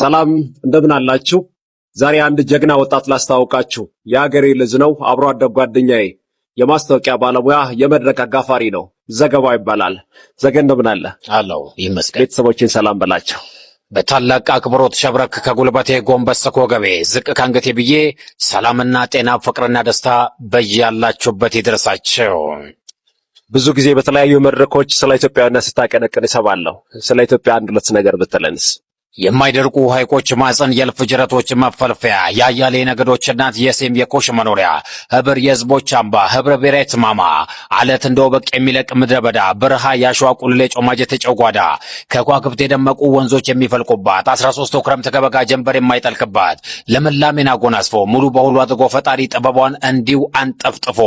ሰላም እንደምን አላችሁ? ዛሬ አንድ ጀግና ወጣት ላስተዋውቃችሁ። የአገሬ ልጅ ነው፣ አብሮ አደግ ጓደኛዬ፣ የማስታወቂያ ባለሙያ፣ የመድረክ አጋፋሪ ነው። ዘገባ ይባላል። ዘገ እንደምን አለ? አለው ይመስገን። ቤተሰቦችን ሰላም በላቸው። በታላቅ አክብሮት ሸብረክ ከጉልበቴ ጎንበስ ከወገቤ ዝቅ ከአንገቴ ብዬ ሰላምና ጤና ፍቅርና ደስታ በያላችሁበት ይድረሳቸው። ብዙ ጊዜ በተለያዩ መድረኮች ስለ ኢትዮጵያውያን ስታቀነቅን ይሰባለሁ። ስለ ኢትዮጵያ አንድ ሁለት ነገር ብትለንስ? የማይደርቁ ሐይቆች ማዕፀን፣ የእልፍ ጅረቶች መፈልፈያ፣ የአያሌ ነገዶች እናት፣ የሴም የኮሽ መኖሪያ፣ ህብር የህዝቦች አምባ፣ ህብረ ብሔራዊ ትማማ፣ አለት እንደ ወበቅ የሚለቅ ምድረ በዳ፣ በረሃ የአሸዋ ቁልሌ ጮማጀ ተጨጓዳ፣ ከኳክብት የደመቁ ወንዞች የሚፈልቁባት፣ አስራ ሶስቱ ክረምት ከበጋ ጀንበር የማይጠልቅባት፣ ለምላሜን አጎናስፎ ሙሉ በሁሉ አድርጎ ፈጣሪ ጥበቧን እንዲሁ አንጠፍጥፎ፣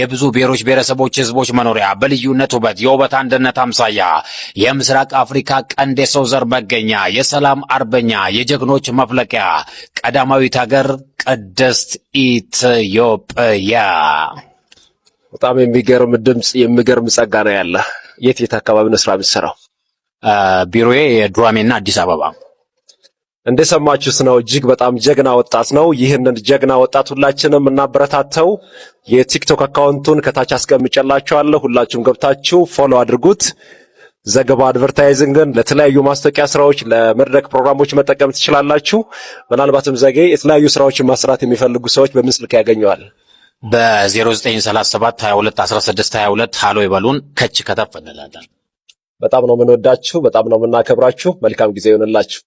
የብዙ ብሔሮች ብሔረሰቦች ህዝቦች መኖሪያ፣ በልዩነት ውበት የውበት አንድነት አምሳያ፣ የምስራቅ አፍሪካ ቀንድ የሰው ዘር መገኛ የሰላም አርበኛ የጀግኖች መፍለቂያ ቀዳማዊት ሀገር ቅድስት ኢትዮጵያ። በጣም የሚገርም ድምፅ፣ የሚገርም ጸጋ ነው ያለ። የት የት አካባቢ ነው ስራ የምትሰራው? ቢሮዬ የዱራሜና አዲስ አበባ። እንደሰማችሁት ነው። እጅግ በጣም ጀግና ወጣት ነው። ይህንን ጀግና ወጣት ሁላችንም እናበረታተው። የቲክቶክ አካውንቱን ከታች አስቀምጨላችኋለሁ። ሁላችሁም ገብታችሁ ፎሎ አድርጉት። ዘገባ፣ አድቨርታይዚንግን ለተለያዩ ማስታወቂያ ስራዎች፣ ለመድረክ ፕሮግራሞች መጠቀም ትችላላችሁ። ምናልባትም ዘጌ የተለያዩ ስራዎችን ማስራት የሚፈልጉ ሰዎች በምን ስልክ ያገኘዋል? በ0937 22 16 22 ሀሎ ይበሉን። ከች ከተፍ እንላለን። በጣም ነው የምንወዳችሁ፣ በጣም ነው የምናከብራችሁ። መልካም ጊዜ ይሆንላችሁ።